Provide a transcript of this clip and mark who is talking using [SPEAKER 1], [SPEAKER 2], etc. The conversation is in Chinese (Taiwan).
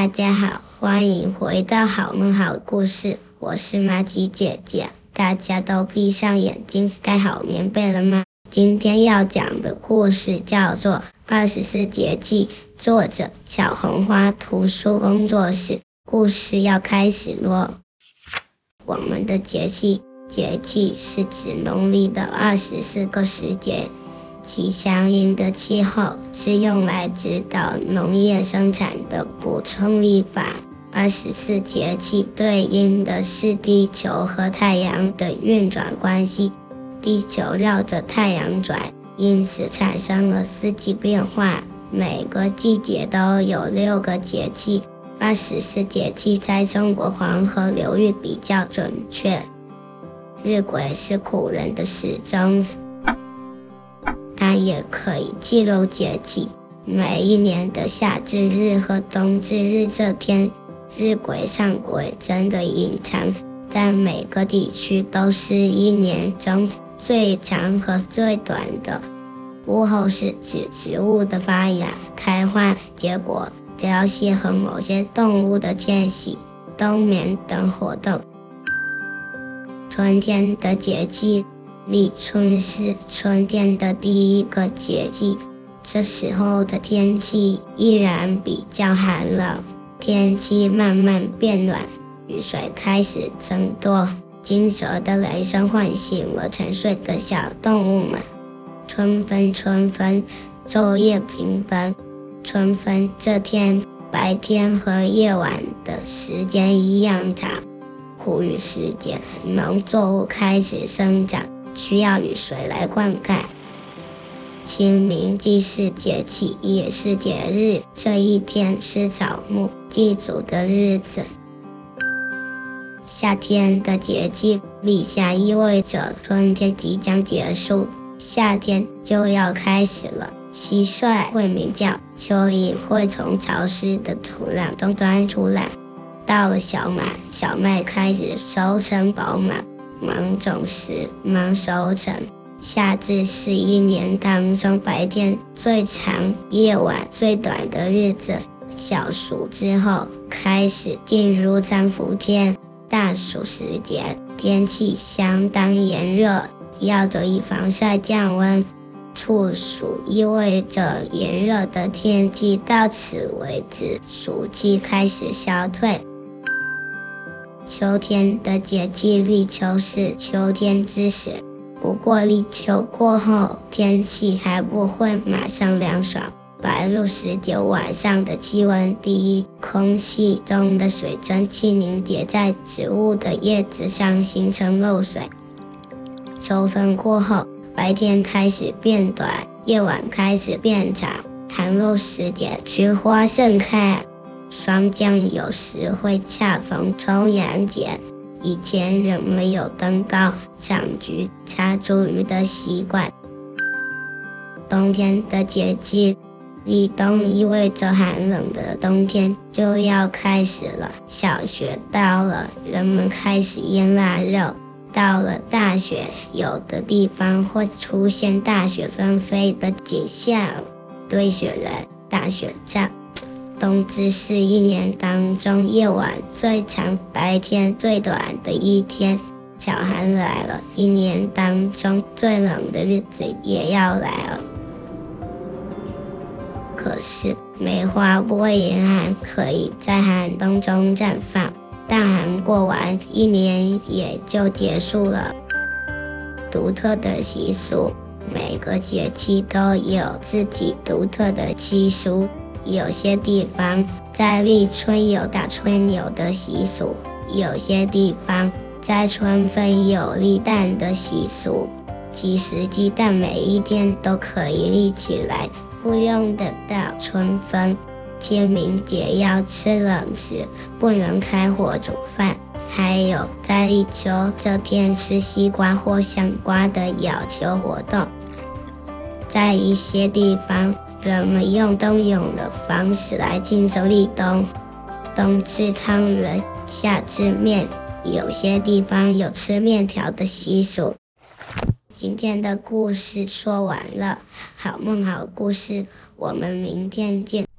[SPEAKER 1] 大家好，歡迎回到好夢好故事，我是瑪吉姐姐。大家都閉上眼睛，蓋好棉被了嗎？今天要講的故事叫做《二十四節氣》，作者小紅花圖書工作室。故事要開始嘍。我們的節氣，節氣是指農曆的二十四個時節。其相應的氣候是用來指導農業生產的補充曆法。二十四節氣對應的是地球和太陽的運轉關係，地球繞着太陽轉，因此產生了四季變化。每個季節都有六個節氣。二十四節氣在中國黃河流域比較準確。日晷是古人的時鐘。它也可以記錄節氣，每一年的夏至日和冬至日這天，日晷上晷針的影長，在每個地區都是一年中最長和最短的。物候是指植物的發芽、開花、結果、凋謝和某些動物的遷徙、冬眠等活動。春天的節氣。立春是春天的第一個節氣，這時候的天氣依然比較寒冷，天氣慢慢變暖，雨水開始增多。驚蟄的雷聲喚醒了沉睡的小動物們。春分，春分，晝分，晝夜平分。春分這天，白天和夜晚的時間一樣長。穀雨時節，農作物開始生長，需要雨水來灌溉。清明既是節氣，也是節日。這一天是草木祭祖的日子。夏天的節氣，立夏意味着春天即將結束，夏天就要開始了。蟋蟀會鳴叫，蚯蚓會從潮濕的土壤中鑽出來。到了小滿，小麥開始收成飽滿。芒種時，忙收成。夏至是一年當中白天最長、夜晚最短的日子。小暑之後，開始進入三伏天。大暑時節，天氣相當炎熱，要注意防曬降溫。處暑意味着炎熱的天氣到此為止，暑氣開始消退。秋天的節氣，立秋是秋天之始，不過立秋過後天氣還不會馬上涼爽。白露時節晚上的氣溫低，空氣中的水蒸氣凝結在植物的葉子上，形成露水。秋分過後，白天開始變短，夜晚開始變長。寒露時節，菊花盛開。霜降有時會恰逢重陽節，以前人們有登高賞菊、插茱萸的習慣。冬天的節氣，立冬意味着寒冷的冬天就要開始了。小雪到了，人們開始醃臘肉；到了大雪，有的地方會出現大雪紛飛的景象，堆雪人、打雪仗。冬至是一年當中夜晚最長、白天最短的一天，小寒來了，一年當中最冷的日子也要來了。可是，梅花不畏嚴寒，可以在寒冬中綻放。大寒過完，一年也就結束了。獨特的習俗，每個節氣都有自己獨特的習俗。有些地方在立春有打春牛的習俗，有些地方在春分有立蛋的習俗。其實雞蛋每一天都可以立起來，不用等到春分。清明節要吃冷食，不能開火煮飯。還有在立秋這天吃西瓜或香瓜的咬秋活動。在一些地方。人們用冬泳的方式來慶祝立冬，冬吃湯圓，夏吃麵，有些地方有吃麵條的習俗。今天的故事說完了，好夢好故事，我們明天見。